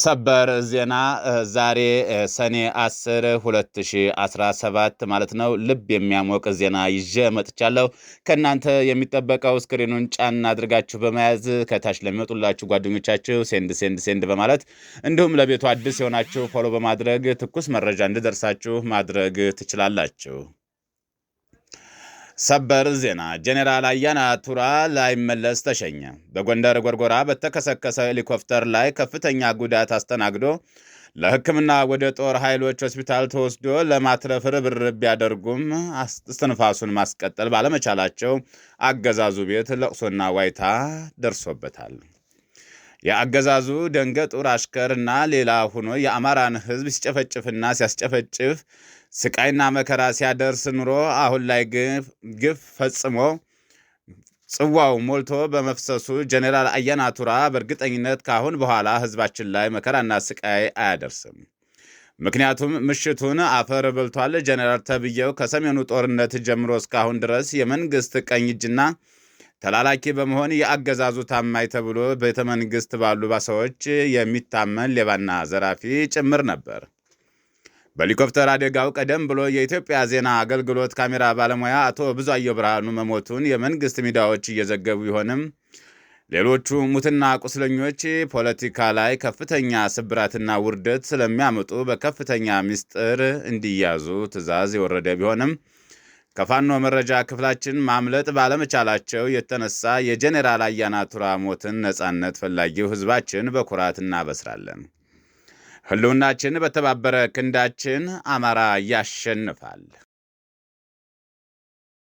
ሰበር ዜና ዛሬ ሰኔ 10 2017 ማለት ነው። ልብ የሚያሞቅ ዜና ይዤ መጥቻለሁ። ከእናንተ የሚጠበቀው ስክሪኑን ጫን አድርጋችሁ በመያዝ ከታች ለሚወጡላችሁ ጓደኞቻችሁ ሴንድ ሴንድ ሴንድ በማለት እንዲሁም ለቤቱ አዲስ የሆናችሁ ፎሎ በማድረግ ትኩስ መረጃ እንዲደርሳችሁ ማድረግ ትችላላችሁ። ሰበር ዜና ጄኔራል አያና ቱራ ላይመለስ ተሸኘ። በጎንደር ጎርጎራ በተከሰከሰ ሄሊኮፕተር ላይ ከፍተኛ ጉዳት አስተናግዶ ለሕክምና ወደ ጦር ኃይሎች ሆስፒታል ተወስዶ ለማትረፍ ርብርብ ቢያደርጉም እስትንፋሱን ማስቀጠል ባለመቻላቸው አገዛዙ ቤት ለቅሶና ዋይታ ደርሶበታል። የአገዛዙ ደንገ ጡር አሽከርና ሌላ ሆኖ የአማራን ህዝብ ሲጨፈጭፍና ሲያስጨፈጭፍ ስቃይና መከራ ሲያደርስ ኑሮ አሁን ላይ ግፍ ፈጽሞ ጽዋው ሞልቶ በመፍሰሱ ጀኔራል አያና ቱራ በእርግጠኝነት ካሁን በኋላ ህዝባችን ላይ መከራና ስቃይ አያደርስም። ምክንያቱም ምሽቱን አፈር በልቷል። ጀኔራል ተብዬው ከሰሜኑ ጦርነት ጀምሮ እስካሁን ድረስ የመንግስት ቀኝ እጅና ተላላኪ በመሆን የአገዛዙ ታማኝ ተብሎ ቤተ መንግሥት ባሉ ሰዎች የሚታመን ሌባና ዘራፊ ጭምር ነበር። በሄሊኮፕተር አደጋው ቀደም ብሎ የኢትዮጵያ ዜና አገልግሎት ካሜራ ባለሙያ አቶ ብዙአየሁ ብርሃኑ መሞቱን የመንግሥት ሚዲያዎች እየዘገቡ ቢሆንም ሌሎቹ ሙትና ቁስለኞች ፖለቲካ ላይ ከፍተኛ ስብራትና ውርደት ስለሚያመጡ በከፍተኛ ምስጢር እንዲያዙ ትዕዛዝ የወረደ ቢሆንም ከፋኖ መረጃ ክፍላችን ማምለጥ ባለመቻላቸው የተነሳ የጄኔራል አያና ቱራ ሞትን ነጻነት ፈላጊው ህዝባችን በኩራት እናበስራለን። ህልውናችን በተባበረ ክንዳችን አማራ ያሸንፋል።